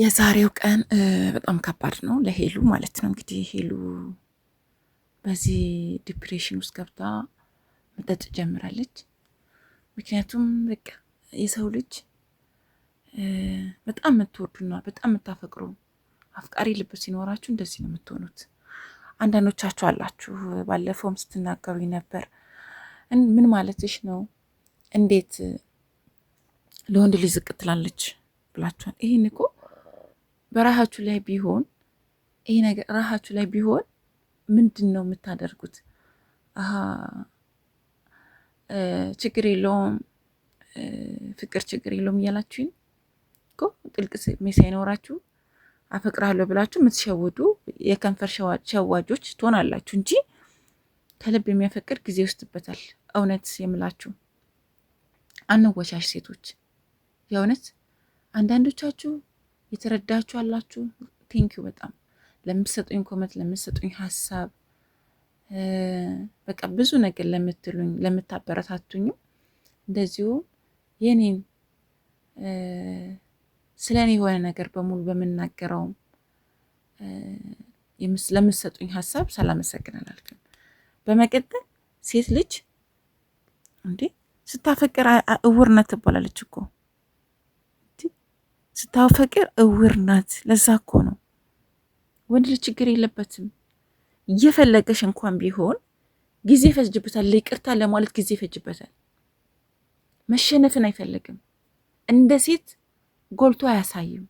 የዛሬው ቀን በጣም ከባድ ነው ለሄሉ ማለት ነው። እንግዲህ ሄሉ በዚህ ዲፕሬሽን ውስጥ ገብታ መጠጥ ጀምራለች። ምክንያቱም በቃ የሰው ልጅ በጣም የምትወዱና በጣም የምታፈቅሩ አፍቃሪ ልብ ሲኖራችሁ እንደዚህ ነው የምትሆኑት። አንዳንዶቻችሁ አላችሁ። ባለፈውም ስትናገሩ ነበር። ምን ማለትሽ ነው? እንዴት ለወንድ ልጅ ዝቅ ትላለች ብላችኋል። ይህን እኮ በራሃችሁ ላይ ቢሆን ይሄ ነገር ራሃችሁ ላይ ቢሆን ምንድን ነው የምታደርጉት? ችግር የለውም ፍቅር ችግር የለውም እያላችሁኝ እኮ ጥልቅ ስሜት ሳይኖራችሁ አፈቅራለሁ ብላችሁ የምትሸውዱ የከንፈር ሸዋጆች ትሆናላችሁ እንጂ ከልብ የሚያፈቅር ጊዜ ይወስድበታል። እውነት የምላችሁ አንወሻሽ ሴቶች የእውነት አንዳንዶቻችሁ የተረዳችሁ አላችሁ። ቴንኪዩ በጣም ለምትሰጡኝ ኮመት፣ ለምትሰጡኝ ሀሳብ በቃ ብዙ ነገር ለምትሉኝ፣ ለምታበረታቱኝ እንደዚሁ የኔን ስለ እኔ የሆነ ነገር በሙሉ በምናገረውም ለምትሰጡኝ ሀሳብ ሳላመሰግን አላልፍም። በመቀጠል ሴት ልጅ እንዴ ስታፈቅር እውርነት ትባላለች እኮ ስታፈቅር እውር ናት። ለዛ እኮ ነው ወንድ ልጅ ችግር የለበትም። እየፈለገሽ እንኳን ቢሆን ጊዜ ይፈጅበታል። ለይቅርታ ለማለት ጊዜ ይፈጅበታል። መሸነፍን አይፈልግም። እንደ ሴት ጎልቶ አያሳይም።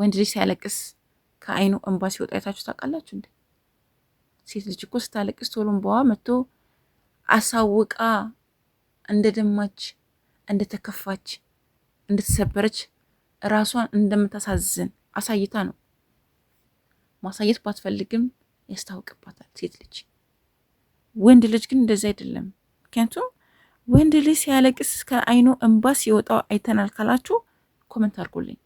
ወንድ ልጅ ሲያለቅስ ከአይኑ እንባ ሲወጣ አይታችሁ ታውቃላችሁ እንዴ? ሴት ልጅ እኮ ስታለቅስ ቶሎ እንባዋ መጥቶ አሳውቃ እንደ ደማች እንደ ተከፋች እንደተሰበረች ራሷን እንደምታሳዝን አሳይታ ነው። ማሳየት ባትፈልግም ያስታውቅባታል ሴት ልጅ። ወንድ ልጅ ግን እንደዚህ አይደለም። ምክንያቱም ወንድ ልጅ ሲያለቅስ ከአይኑ እንባ ሲወጣው አይተናል ካላችሁ ኮመንት አድርጎልኝ።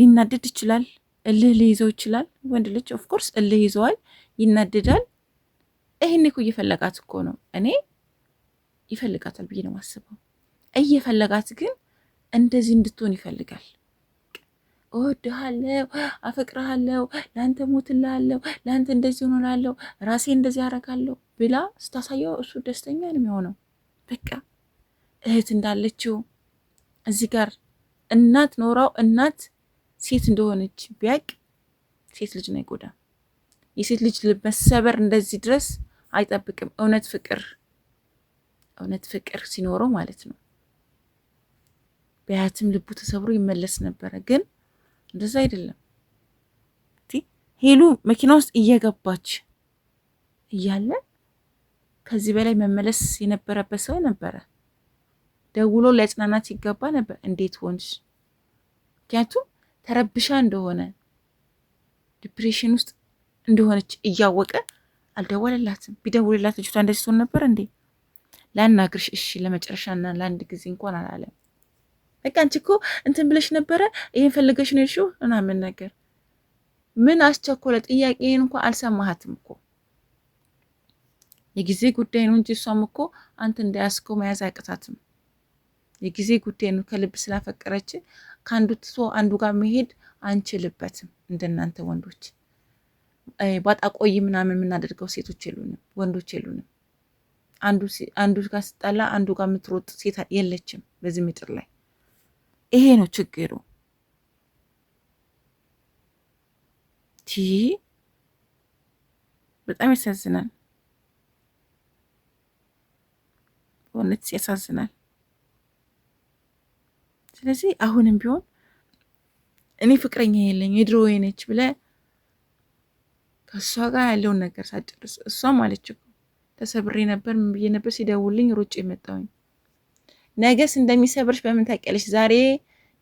ሊናደድ ይችላል፣ እልህ ሊይዘው ይችላል። ወንድ ልጅ ኦፍኮርስ እልህ ይዘዋል፣ ይናደዳል። ይህን እኮ እየፈለጋት እኮ ነው። እኔ ይፈልጋታል ብዬ ነው የማስበው። እየፈለጋት ግን እንደዚህ እንድትሆን ይፈልጋል። እወድሃለው፣ አፈቅርሃለው፣ ለአንተ ሞትልሃለው፣ ለአንተ እንደዚህ ሆኖላለው፣ ራሴ እንደዚህ ያረጋለው ብላ ስታሳየው እሱ ደስተኛ ነው የሚሆነው። በቃ እህት እንዳለችው እዚህ ጋር እናት ኖራው እናት ሴት እንደሆነች ቢያቅ ሴት ልጅ ነው ይጎዳ። የሴት ልጅ መሰበር እንደዚህ ድረስ አይጠብቅም። እውነት ፍቅር እውነት ፍቅር ሲኖረው ማለት ነው። ቢያያትም ልቡ ተሰብሮ ይመለስ ነበረ። ግን እንደዛ አይደለም። ሄሉ መኪና ውስጥ እየገባች እያለ ከዚህ በላይ መመለስ የነበረበት ሰው ነበረ። ደውሎ ለጽናናት ይገባ ነበር። እንዴት ሆንሽ? ምክንያቱም ተረብሻ እንደሆነ ዲፕሬሽን ውስጥ እንደሆነች እያወቀ አልደወለላትም። ቢደውልላት ልጅቷ እንደዚህ ትሆን ነበር እንዴ? ላናግርሽ፣ እሺ ለመጨረሻና ለአንድ ጊዜ እንኳን አላለም። በቃ አንቺ እኮ እንትን ብለሽ ነበረ ይሄን ፈልገሽ ነው የሄድሽው ምናምን ነገር ምን አስቸኮለ? ጥያቄን እንኳ አልሰማሃትም እኮ የጊዜ ጉዳይ ነው እንጂ እሷም እኮ አንተ እንዳያስኮ መያዝ አያቅታትም። የጊዜ ጉዳይ ነው። ከልብ ስላፈቀረች ከአንዱ ትቶ አንዱ ጋር መሄድ አንችልበትም። እንደናንተ ወንዶች ባጣ ቆይ ምናምን የምናደርገው ሴቶች የሉንም፣ ወንዶች የሉንም። አንዱ ጋር ስጣላ አንዱ ጋር የምትሮጥ ሴት የለችም በዚህ ምድር ላይ ይሄ ነው ችግሩ። ቲ በጣም ያሳዝናል፣ በእውነት ያሳዝናል። ስለዚህ አሁንም ቢሆን እኔ ፍቅረኛ የለኝ የድሮ ወይነች ብለ ከእሷ ጋር ያለውን ነገር ሳጨርስ እሷም አለች ተሰብሬ ነበር ምን ብዬ ነበር ሲደውልኝ ሩጭ የመጣውኝ ነገስ እንደሚሰብርሽ በምን ታውቂያለሽ? ዛሬ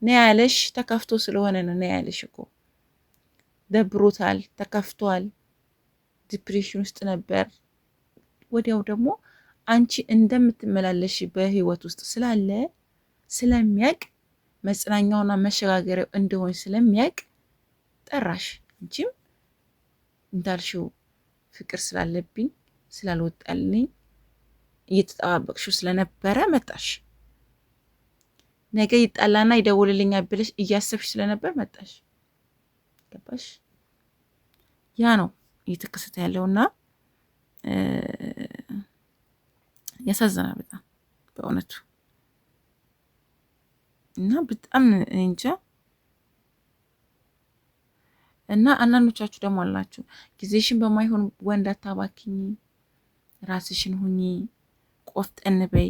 ነው ያለሽ ተከፍቶ ስለሆነ ነው ነው ያለሽ እኮ ደብሮታል፣ ተከፍቷል፣ ዲፕሬሽን ውስጥ ነበር። ወዲያው ደግሞ አንቺ እንደምትመላለሽ በህይወት ውስጥ ስላለ ስለሚያቅ መጽናኛውና መሸጋገሪያው እንደሆን ስለሚያቅ ጠራሽ። አንቺም እንዳልሽው ፍቅር ስላለብኝ ስላልወጣልኝ እየተጠባበቅሽው ስለነበረ መጣሽ። ነገ ይጣላና ይደውልልኛል ብለሽ እያሰብሽ ስለነበር መጣሽ። ገባሽ? ያ ነው እየተከሰተ ያለውና ያሳዝናል በጣም በእውነቱ እና በጣም እንጃ። እና አንዳንዶቻችሁ ደግሞ አላችሁ ጊዜሽን በማይሆን ወንድ አታባክኝ፣ ራስሽን ሁኚ፣ ቆፍጠን በይ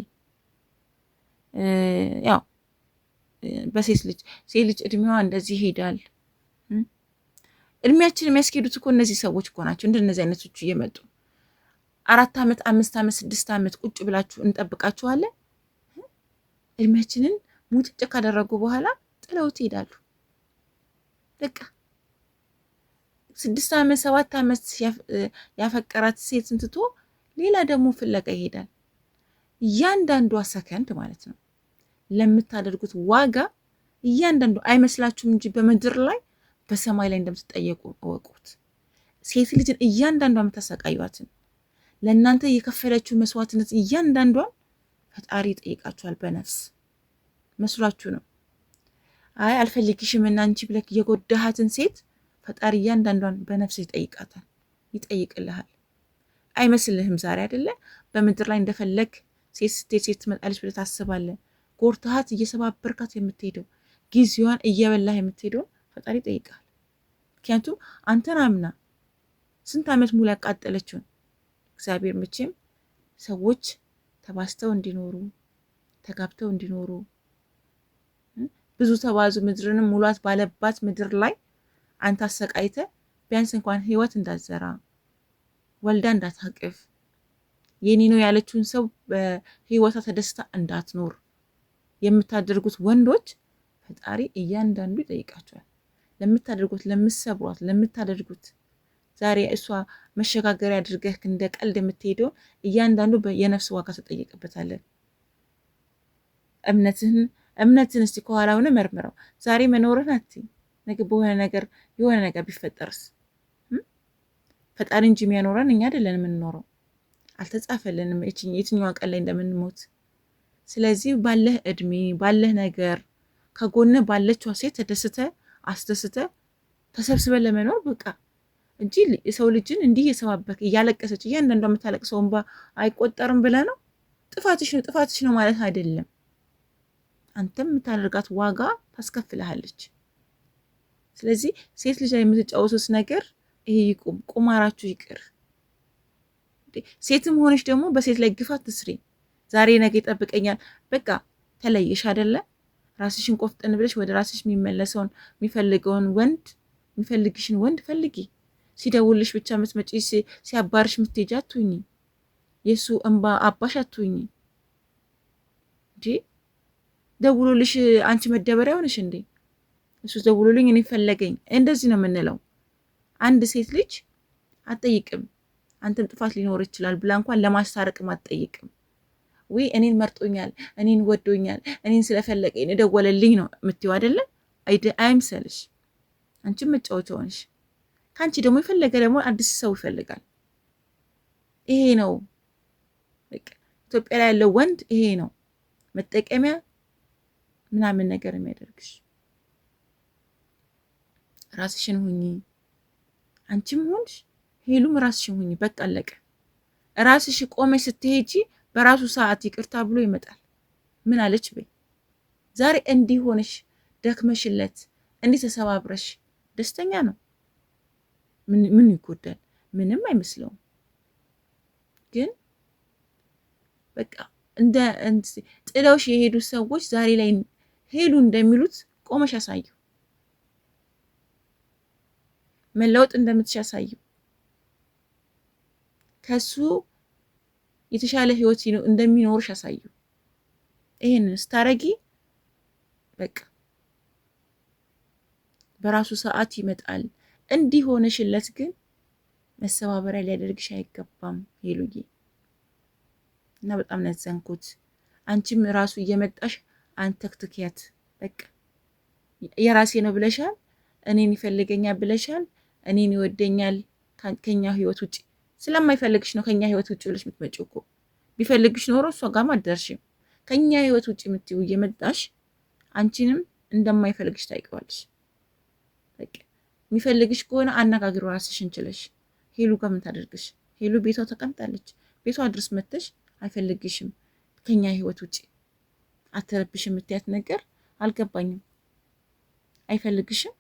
ያው በሴት ልጅ ሴት ልጅ እድሜዋ እንደዚህ ይሄዳል። እድሜያችን የሚያስኬዱት እኮ እነዚህ ሰዎች እኮ ናቸው። እንደነዚህ አይነቶቹ እየመጡ አራት ዓመት አምስት ዓመት ስድስት ዓመት ቁጭ ብላችሁ እንጠብቃችኋለን። እድሜያችንን ሙጥጭ ካደረጉ በኋላ ጥለውት ይሄዳሉ። በቃ ስድስት ዓመት ሰባት ዓመት ያፈቀራት ሴትን ትቶ ሌላ ደግሞ ፍለጋ ይሄዳል። እያንዳንዷ ሰከንድ ማለት ነው። ለምታደርጉት ዋጋ እያንዳንዱ አይመስላችሁም እንጂ በምድር ላይ በሰማይ ላይ እንደምትጠየቁ እወቁት። ሴት ልጅን እያንዳንዷ የምታሰቃዩትን ለእናንተ የከፈለችው መስዋዕትነት እያንዳንዷን ፈጣሪ ይጠይቃችኋል። በነፍስ መስሏችሁ ነው። አይ አልፈልግሽም እና አንቺ ብለክ የጎዳሃትን ሴት ፈጣሪ እያንዳንዷን በነፍስ ይጠይቃታል፣ ይጠይቅልሃል። አይመስልህም ዛሬ አይደለ? በምድር ላይ እንደፈለግ ሴት ስትሄድ ሴት ትመጣለች ብለህ ታስባለህ። ጎርታት እየሰባበርካት የምትሄደው ጊዜዋን እየበላህ የምትሄደው ፈጣሪ ይጠይቃል። ምክንያቱም አንተን አምና ስንት ዓመት ሙሉ ያቃጠለችውን እግዚአብሔር መቼም ሰዎች ተባስተው እንዲኖሩ ተጋብተው እንዲኖሩ ብዙ ተባዙ ምድርንም ሙሏት ባለባት ምድር ላይ አንተ አሰቃይተ ቢያንስ እንኳን ህይወት እንዳትዘራ ወልዳ እንዳታቅፍ የኔ ነው ያለችውን ሰው በህይወቷ ተደስታ እንዳትኖር የምታደርጉት ወንዶች ፈጣሪ እያንዳንዱ ይጠይቃቸዋል። ለምታደርጉት ለምሰብሯት፣ ለምታደርጉት ዛሬ እሷ መሸጋገሪያ አድርገህ እንደ ቀልድ የምትሄደውን እያንዳንዱ የነፍስ ዋጋ ትጠየቅበታለን። እምነትህን እምነትን እስቲ ከኋላ ሆነ መርምረው። ዛሬ መኖርን አትይ፣ ነገ በሆነ ነገር የሆነ ነገር ቢፈጠርስ? ፈጣሪ እንጂ የሚያኖረን እኛ አይደለን የምንኖረው። አልተጻፈልንም የትኛዋ ቀን ላይ እንደምንሞት። ስለዚህ ባለህ እድሜ ባለህ ነገር ከጎን ባለችዋ ሴት ተደስተ አስደስተ ተሰብስበ ለመኖር በቃ እንጂ የሰው ልጅን እንዲህ የሰባበክ እያለቀሰች እያንዳንዷ የምታለቅሰው እንባ አይቆጠርም ብለ ነው ጥፋትሽ ነው ጥፋትሽ ነው ማለት አይደለም። አንተም የምታደርጋት ዋጋ ታስከፍልሃለች። ስለዚህ ሴት ልጅ ላይ የምትጫወቱት ነገር ይሄ ይቁም፣ ቁማራችሁ ይቅር። ሴትም ሆነች ደግሞ በሴት ላይ ግፋት ትስሬ ዛሬ ነገ ይጠብቀኛል። በቃ ተለየሽ አይደለ? ራስሽን ቆፍጠን ብለሽ ወደ ራስሽ የሚመለሰውን የሚፈልገውን ወንድ የሚፈልግሽን ወንድ ፈልጊ። ሲደውልሽ ብቻ ምትመጪ፣ ሲያባርሽ ምትሄጂ አትሁኝ። የእሱ እንባ አባሽ አትሁኝ እንጂ ደውሎልሽ አንቺ መደበሪያ ሆነሽ እንዴ? እሱ ደውሎልኝ እኔ ፈለገኝ። እንደዚህ ነው የምንለው። አንድ ሴት ልጅ አትጠይቅም። አንተም ጥፋት ሊኖር ይችላል ብላ እንኳን ለማስታረቅም አትጠይቅም። ወይ እኔን መርጦኛል፣ እኔን ወዶኛል፣ እኔን ስለፈለገኝ የደወለልኝ ነው የምትይው አይደለ? አይምሰልሽ። አንቺም መጫወቻ ሆንሽ። ከአንቺ ደግሞ የፈለገ ደግሞ አዲስ ሰው ይፈልጋል። ይሄ ነው ኢትዮጵያ ላይ ያለው ወንድ ይሄ ነው መጠቀሚያ ምናምን ነገር የሚያደርግሽ። ራስሽን ሁኚ፣ አንቺም ሁንሽ፣ ሄሉም ራስሽን ሁኚ። በቃ አለቀ። ራስሽ ቆመሽ ስትሄጂ በራሱ ሰዓት ይቅርታ ብሎ ይመጣል። ምን አለች በይ። ዛሬ እንዲህ ሆነሽ ደክመሽለት እንዲህ ተሰባብረሽ ደስተኛ ነው። ምን ይጎዳል? ምንም አይመስለውም። ግን በቃ እንደ ጥለውሽ የሄዱ ሰዎች ዛሬ ላይ ሄሉ እንደሚሉት ቆመሽ አሳየው። መለወጥ እንደምትሽ አሳየው ከሱ የተሻለ ህይወት እንደሚኖርሽ ያሳዩ። ይህንን ስታረጊ በቃ በራሱ ሰዓት ይመጣል። እንዲህ ሆነሽለት ግን መሰባበሪያ ሊያደርግሽ አይገባም ሄሉዬ። እና በጣም ነዘንኩት። አንቺም ራሱ እየመጣሽ አንተክትክያት። በቃ የራሴ ነው ብለሻል፣ እኔን ይፈልገኛል ብለሻል፣ እኔን ይወደኛል ከኛ ህይወት ውጭ ስለማይፈልግሽ ነው ከኛ ህይወት ውጭ ብለሽ የምትመጪው እኮ። ቢፈልግሽ ኖሮ እሷ ጋርም አደርሽም። ከኛ ህይወት ውጭ የምትይው እየመጣሽ አንቺንም እንደማይፈልግሽ ታይቀዋለሽ። የሚፈልግሽ ከሆነ አነጋግሮ ራስሽ እንችለሽ ሄሉ ጋር ምን ታደርግሽ? ሄሉ ቤቷ ተቀምጣለች። ቤቷ ድረስ መተሽ አይፈልግሽም፣ ከኛ ህይወት ውጭ አትረብሽ የምትያት ነገር አልገባኝም። አይፈልግሽም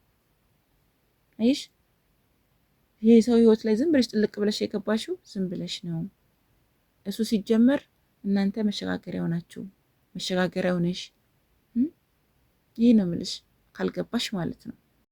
አይሽ ይሄ ሰው ህይወት ላይ ዝም ብለሽ ጥልቅ ብለሽ የገባሽው ዝም ብለሽ ነው። እሱ ሲጀመር እናንተ መሸጋገሪያው ናችሁ። መሸጋገሪያው ነሽ። ይህ ነው ምልሽ ካልገባሽ ማለት ነው።